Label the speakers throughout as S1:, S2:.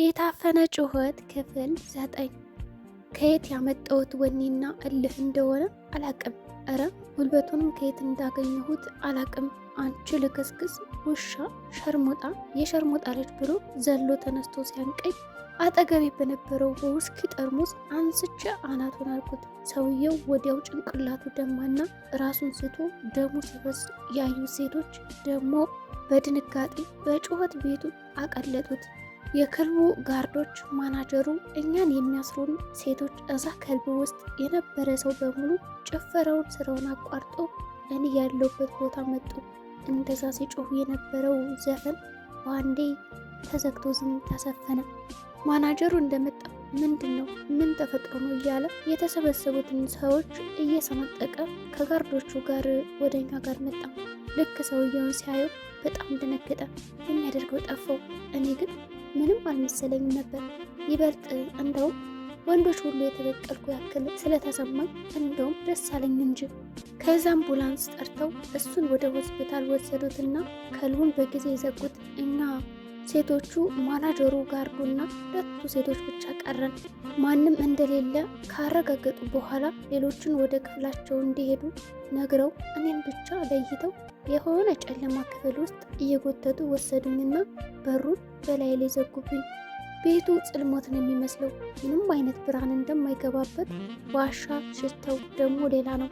S1: የታፈነ ጩኸት ክፍል ዘጠኝ ከየት ያመጣሁት ወኔና እልህ እንደሆነ አላቅም። እረ ጉልበቱንም ከየት እንዳገኘሁት አላቅም። አንቺ ልክስክስ ውሻ ሸርሙጣ፣ የሸርሙጣ ልጅ ብሎ ዘሎ ተነስቶ ሲያንቀኝ አጠገቤ በነበረው በውስኪ ጠርሙስ አንስቼ አናቱን አልኩት። ሰውየው ወዲያው ጭንቅላቱ ደማና ራሱን ስቶ ደሙ ሲፈስ ያዩ ሴቶች ደግሞ በድንጋጤ በጩኸት ቤቱ አቀለጡት። የክልቡ ጋርዶች ማናጀሩ እኛን የሚያስሩን ሴቶች እዛ ክልብ ውስጥ የነበረ ሰው በሙሉ ጭፈራውን ስራውን አቋርጦ እኔ ያለውበት ቦታ መጡ። እንደዛ ሲጮሁ የነበረው ዘፈን በአንዴ ተዘግቶ ዝም ተሰፈነ። ማናጀሩ እንደመጣ ምንድን ነው ምን ተፈጥሮ ነው እያለ የተሰበሰቡትን ሰዎች እየሰነጠቀ ከጋርዶቹ ጋር ወደኛ ጋር መጣ። ልክ ሰውየውን ሲያየው በጣም ደነገጠ። የሚያደርገው ጠፋው። እኔ ግን ምንም አልመሰለኝም ነበር። ይበልጥ እንደውም ወንዶች ሁሉ የተበቀልኩ ያክል ስለተሰማኝ እንደውም ደስ አለኝ እንጂ። ከዛ አምቡላንስ ጠርተው እሱን ወደ ሆስፒታል ወሰዱትና ከልቡን በጊዜ የዘጉት እኛ ሴቶቹ ማናጀሩ ጋርዱና ሁለቱ ሴቶች ብቻ ቀረን። ማንም እንደሌለ ካረጋገጡ በኋላ ሌሎችን ወደ ክፍላቸው እንዲሄዱ ነግረው እኔን ብቻ ለይተው የሆነ ጨለማ ክፍል ውስጥ እየጎተቱ ወሰዱኝና በሩን በላይ ላይ ዘጉብኝ። ቤቱ ጽልሞት ነው የሚመስለው። ምንም አይነት ብርሃን እንደማይገባበት ዋሻ፣ ሽተው ደግሞ ሌላ ነው።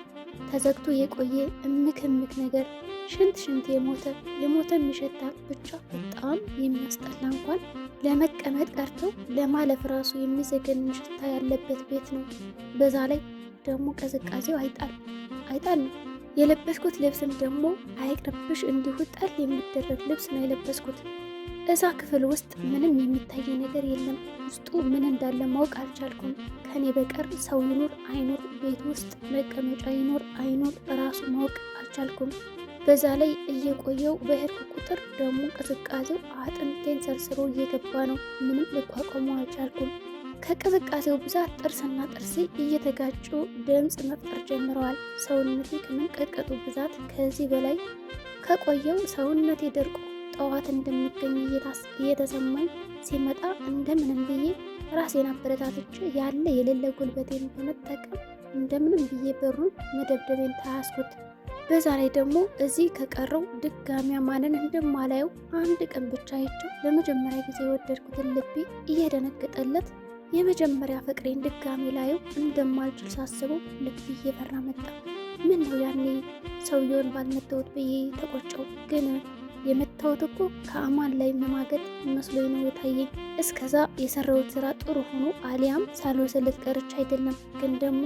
S1: ተዘግቶ የቆየ እምክ እምክ ነገር፣ ሽንት ሽንት የሞተ የሞተ የሚሸታ ብቻ በጣም የሚያስጠላ እንኳን ለመቀመጥ ቀርቶ ለማለፍ ራሱ የሚዘገንን ሽታ ያለበት ቤት ነው። በዛ ላይ ደግሞ ቀዝቃዜው አይጣል አይጣል ነው። የለበስኩት ልብስም ደግሞ አይቅርብሽ እንዲሁ ጣል የሚደረግ ልብስ ነው የለበስኩት። እዛ ክፍል ውስጥ ምንም የሚታይ ነገር የለም። ውስጡ ምን እንዳለ ማወቅ አልቻልኩም። ከኔ በቀር ሰው ይኖር አይኖር ቤት ውስጥ መቀመጫ ይኖር አይኖር ራሱ ማወቅ አልቻልኩም። በዛ ላይ እየቆየው በሄድኩ ቁጥር ደግሞ ቅዝቃዜው አጥንቴን ሰርስሮ እየገባ ነው። ምንም ልቋቋመው አልቻልኩም። ከቅዝቃሴው ብዛት ጥርስና ጥርሴ እየተጋጩ ድምፅ መፍጠር ጀምረዋል። ሰውነቴ ከመንቀጥቀጡ ብዛት ከዚህ በላይ ከቆየው ሰውነቴ ደርቆ ጠዋት እንደሚገኝ እየተሰማኝ ሲመጣ እንደምንም ብዬ ራሴን አበረታትቼ ያለ የሌለ ጉልበቴን በመጠቀም እንደምንም ብዬ በሩን መደብደቤን ታያስኩት። በዛ ላይ ደግሞ እዚህ ከቀረው ድጋሚያ ማንን እንደማላየው አንድ ቀን ብቻ አይቼው ለመጀመሪያ ጊዜ የወደድኩትን ልቤ እየደነገጠለት የመጀመሪያ ፍቅሬን ድጋሚ ላየው እንደማልችል ሳስበው ልብ እየፈራ መጣ። ምን ነው ያኔ ሰውየውን ባልመታወት ብዬ ተቆጨው። ግን የመታወት እኮ ከአማን ላይ መማገጥ መስሎኝ ነው የታየኝ። እስከዛ የሰራሁት ስራ ጥሩ ሆኖ አሊያም ሳልወሰለት ቀርቼ አይደለም። ግን ደግሞ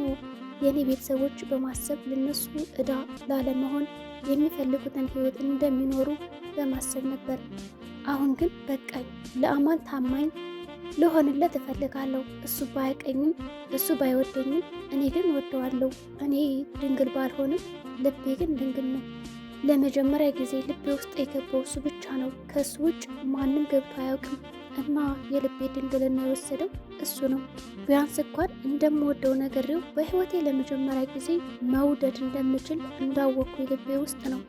S1: የእኔ ቤተሰቦች በማሰብ ለነሱ እዳ ላለመሆን የሚፈልጉትን ህይወት እንደሚኖሩ በማሰብ ነበር። አሁን ግን በቃኝ። ለአማን ታማኝ ልሆንለት እፈልጋለሁ። እሱ ባያቀኝም እሱ ባይወደኝም እኔ ግን ወደዋለሁ። እኔ ድንግል ባልሆንም ልቤ ግን ድንግል ነው። ለመጀመሪያ ጊዜ ልቤ ውስጥ የገባው እሱ ብቻ ነው። ከእሱ ውጭ ማንም ገብቶ አያውቅም እና የልቤ ድንግልና የወሰደው እሱ ነው። ቢያንስ እንኳን እንደምወደው ነገሬው በህይወቴ ለመጀመሪያ ጊዜ መውደድ እንደምችል እንዳወቅኩ የልቤ ውስጥ ነው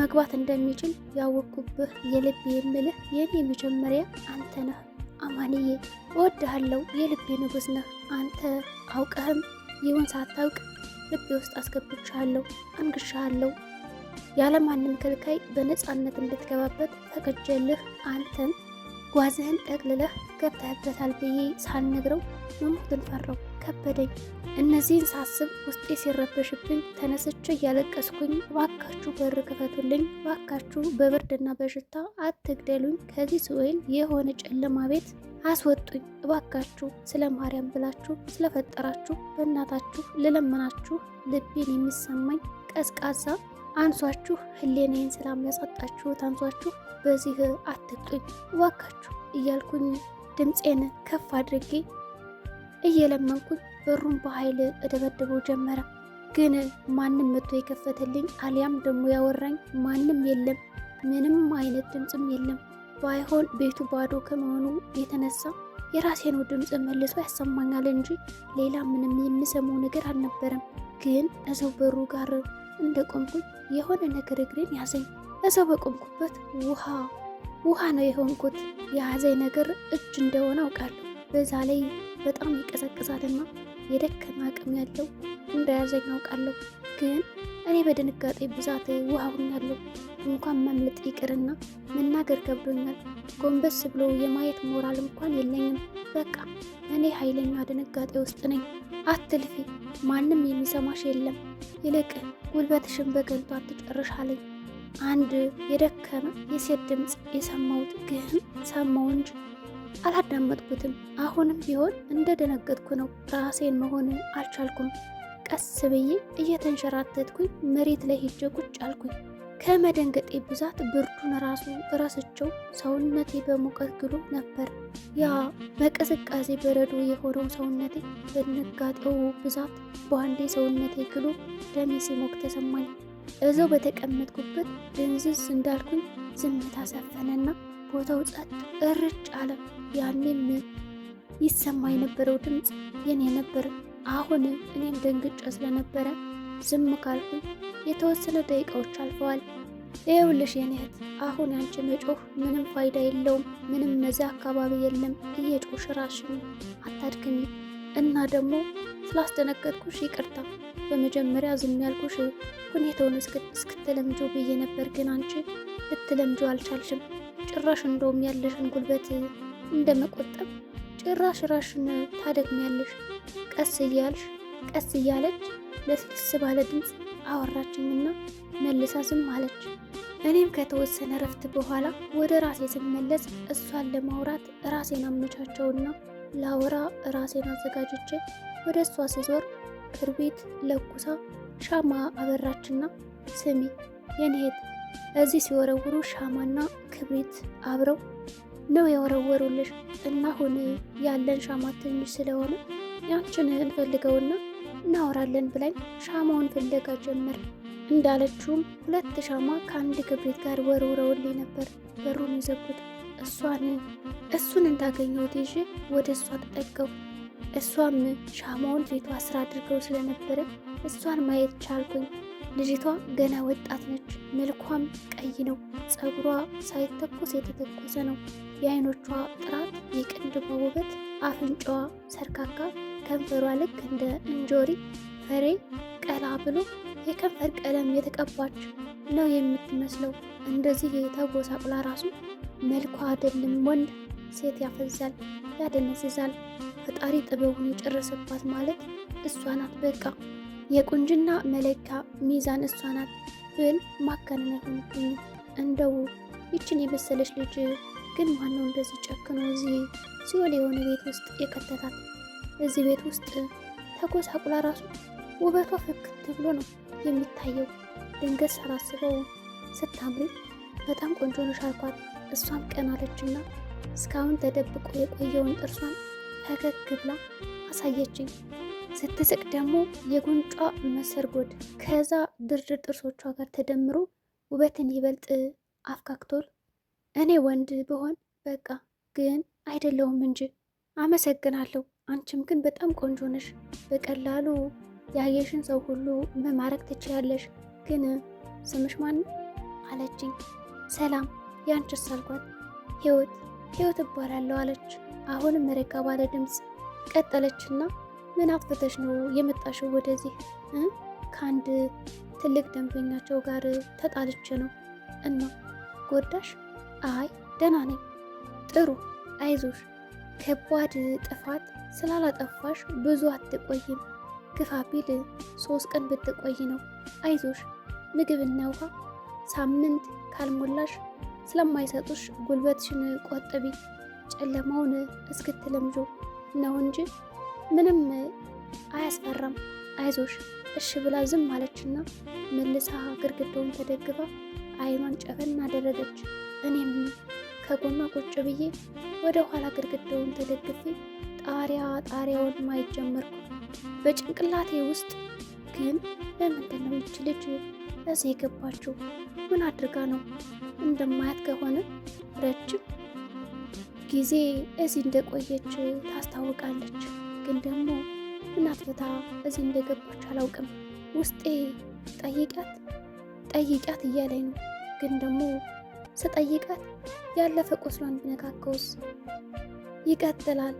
S1: መግባት እንደሚችል ያወቅኩብህ የልቤ የምልህ የኔ መጀመሪያ አንተ ነህ። አማንዬ እወድሃለሁ፣ የልቤ ንጉስ ነህ አንተ። አውቀህም ይሁን ሳታውቅ ልቤ ውስጥ አስገብቻለሁ፣ አንግሻለሁ። ያለማንም ክልካይ በነፃነት እንድትገባበት ፈቅጄልህ አንተም ጓዝህን ጠቅልለህ ገብተህበታል ብዬ ሳልነግረው መሞትን ፈራሁ። ከበደኝ። እነዚህን ሳስብ ውስጤ ሲረበሽብኝ ተነስቼ እያለቀስኩኝ ባካችሁ በር ክፈቱልኝ፣ ባካችሁ በብርድና በሽታ አትግደሉኝ፣ ከዚህ ስወይል የሆነ ጨለማ ቤት አስወጡኝ፣ እባካችሁ ስለ ማርያም ብላችሁ ስለፈጠራችሁ በእናታችሁ ልለመናችሁ፣ ልቤን የሚሰማኝ ቀዝቃዛ አንሷችሁ፣ ህሌኔን ሰላም ያሳጣችሁት አንሷችሁ፣ በዚህ አትጡኝ እባካችሁ እያልኩኝ ድምፄን ከፍ አድርጌ እየለመንኩኝ በሩን በኃይል እደበድበው ጀመረ። ግን ማንም መጥቶ የከፈተልኝ አሊያም ደግሞ ያወራኝ ማንም የለም። ምንም አይነት ድምፅም የለም። ባይሆን ቤቱ ባዶ ከመሆኑ የተነሳ የራሴኑ ድምፅ መልሶ ያሰማኛል እንጂ ሌላ ምንም የምሰማው ነገር አልነበረም። ግን እዛው በሩ ጋር እንደ ቆምኩኝ የሆነ ነገር እግሬን ያዘኝ። እዛው በቆምኩበት ውሃ ውሃ ነው የሆንኩት። የያዘኝ ነገር እጅ እንደሆነ አውቃለሁ። በዛ ላይ በጣም ይቀዘቅዛልና የደከመ አቅም ያለው እንደያዘኝ አውቃለሁ። ግን እኔ በድንጋጤ ብዛት ውሃውን ያለው እንኳን መምለጥ ይቅርና መናገር ገብዶኛል። ጎንበስ ብሎ የማየት ሞራል እንኳን የለኝም። በቃ እኔ ኃይለኛ ድንጋጤ ውስጥ ነኝ። አትልፊ፣ ማንም የሚሰማሽ የለም። ይልቅ ጉልበትሽን በገልቶ አትጨርሽ አለኝ። አንድ የደከመ የሴት ድምፅ የሰማሁት ግን ሰማሁ እንጂ አላዳመጥኩትም። አሁንም ቢሆን እንደደነገጥኩ ነው። ራሴን መሆን አልቻልኩም። ቀስ ብዬ እየተንሸራተትኩኝ መሬት ላይ ሄጄ ቁጭ አልኩኝ። ከመደንገጤ ብዛት ብርዱን ራሱ ረስቸው ሰውነቴ በሙቀት ግሎ ነበር። ያ በቅዝቃዜ በረዶ የሆነው ሰውነቴ በድንጋጤው ብዛት በአንዴ ሰውነቴ ግሎ ደሜ ሲሞቅ ተሰማኝ። እዛው በተቀመጥኩበት ድንዝዝ እንዳልኩኝ ዝምታ ሰፈነና ቦታው ጸጥ እርጭ አለ። ያኔም ይሰማ የነበረው ድምፅ የኔ ነበር። አሁን እኔም ደንግጬ ስለነበረ ዝም ካልኩ የተወሰነ ደቂቃዎች አልፈዋል። ይኸውልሽ የኔ እህት፣ አሁን አንቺ መጮህ ምንም ፋይዳ የለውም። ምንም ነዚህ አካባቢ የለም። እየጮሽ ራስሽን አታድክሚ። እና ደግሞ ስላስደነገጥኩሽ ይቅርታ። በመጀመሪያ ዝም ያልኩሽ ሁኔታውን እስክትለምጆ ብዬ ነበር፣ ግን አንቺ ልትለምጆ አልቻልሽም። ጭራሽ እንደውም ያለሽን ጉልበት እንደመቆጠብ ጭራሽ ራሽን ታደግሚያለሽ። ቀስ እያልሽ ቀስ እያለች ለስልስ ባለ ድምፅ አወራችኝና መልሳ ዝም አለች። እኔም ከተወሰነ ረፍት በኋላ ወደ ራሴ ስመለስ እሷን ለማውራት ራሴን አመቻቸውና ላወራ ራሴን አዘጋጅቼ ወደ እሷ ስዞር ክርቢት ለኩሳ ሻማ አበራችና ስሚ የኔ እህት እዚህ ሲወረውሩ ሻማና ክብሪት አብረው ነው የወረወሩልሽ እና አሁን ያለን ሻማ ትንሽ ስለሆነ ያችን እንፈልገውና እናወራለን ብላኝ ሻማውን ፍለጋ ጀመር። እንዳለችውም ሁለት ሻማ ከአንድ ክብሪት ጋር ወርውረውልኝ ነበር በሩን የዘጉት። እሷን እሱን እንዳገኘሁት ይዤ ወደ እሷ ተጠጋሁ። እሷም ሻማውን ፊቷ ስራ አድርገው ስለነበረ እሷን ማየት ቻልኩኝ። ልጅቷ ገና ወጣት ነች። መልኳም ቀይ ነው። ፀጉሯ ሳይተኮስ የተተኮሰ ነው። የአይኖቿ ጥራት፣ የቅንድቧ ውበት፣ አፍንጫዋ ሰርካካ ከንፈሯ ልክ እንደ እንጆሪ ፍሬ ቀላ ብሎ የከንፈር ቀለም የተቀባች ነው የምትመስለው። እንደዚህ የተጎሳቁላ ራሱ መልኳ አይደለም ወንድ ሴት ያፈዛል፣ ያደነዝዛል። ፈጣሪ ጥበቡን የጨረሰባት ማለት እሷ ናት። በቃ የቁንጅና መለኪያ ሚዛን እሷ ናት። ብል ማጋነን አይሆንብኝም። እንደው ይችን የመሰለች ልጅ ግን ማነው እንደዚህ ጨክኖ እዚህ ሲወል የሆነ ቤት ውስጥ የከተታት? እዚህ ቤት ውስጥ ተጎሳቁላ ራሱ ውበቷ ፍክት ብሎ ነው የሚታየው። ድንገት ሳላስበው ስታምሪ በጣም ቆንጆ ነሽ አልኳት። እሷም ቀን እስካሁን ተደብቆ የቆየውን ጥርሷን ፈገግ ብላ አሳየችኝ። ስትስቅ ደግሞ የጉንጯ መሰርጎድ ከዛ ድርድር ጥርሶቿ ጋር ተደምሮ ውበትን ይበልጥ አፍካክቶል። እኔ ወንድ ብሆን በቃ ግን አይደለሁም እንጂ አመሰግናለሁ። አንቺም ግን በጣም ቆንጆ ነሽ። በቀላሉ ያየሽን ሰው ሁሉ መማረክ ትችያለሽ። ግን ስምሽ ማን አለችኝ። ሰላም ያንቺስ አልኳት። ህይወት ህይወት እባላለሁ አለች። አሁንም ረጋ ባለ ድምፅ ቀጠለችና ምን አጥፍተሽ ነው የመጣሽው ወደዚህ? ከአንድ ትልቅ ደንበኛቸው ጋር ተጣልቼ ነው እና ጎዳሽ? አይ ደህና ነኝ። ጥሩ አይዞሽ። ከባድ ጥፋት ስላላጠፋሽ ብዙ አትቆይም። ግፋ ቢል ሶስት ቀን ብትቆይ ነው። አይዞሽ። ምግብና ውሃ ሳምንት ካልሞላሽ ስለማይሰጡሽ ጉልበትሽን ቆጥቢ። ጨለማውን እስክትለምጆ ነው እንጂ ምንም አያስፈራም አይዞሽ እሺ ብላ ዝም አለችና መልሳ ግድግዳውን ተደግፋ አይኗን ጨፈን አደረገች። እኔም ከጎኗ ቁጭ ብዬ ወደ ኋላ ግድግዳውን ተደግፌ ጣሪያ ጣሪያውን ማየት ጀመርኩ። በጭንቅላቴ ውስጥ ግን ለምንድን ነው ይች ልጅ እዚህ የገባችው? ምን አድርጋ ነው? እንደማያት ከሆነ ረጅም ጊዜ እዚህ እንደቆየች ታስታውቃለች። ግን ደግሞ እናትታ እዚህ እንደገባች አላውቅም። ውስጤ ጠይቃት ጠይቃት እያለኝ ነው። ግን ደግሞ ስጠይቃት ያለፈ ቁስሏን ብነካከውስ ይቀጥላል።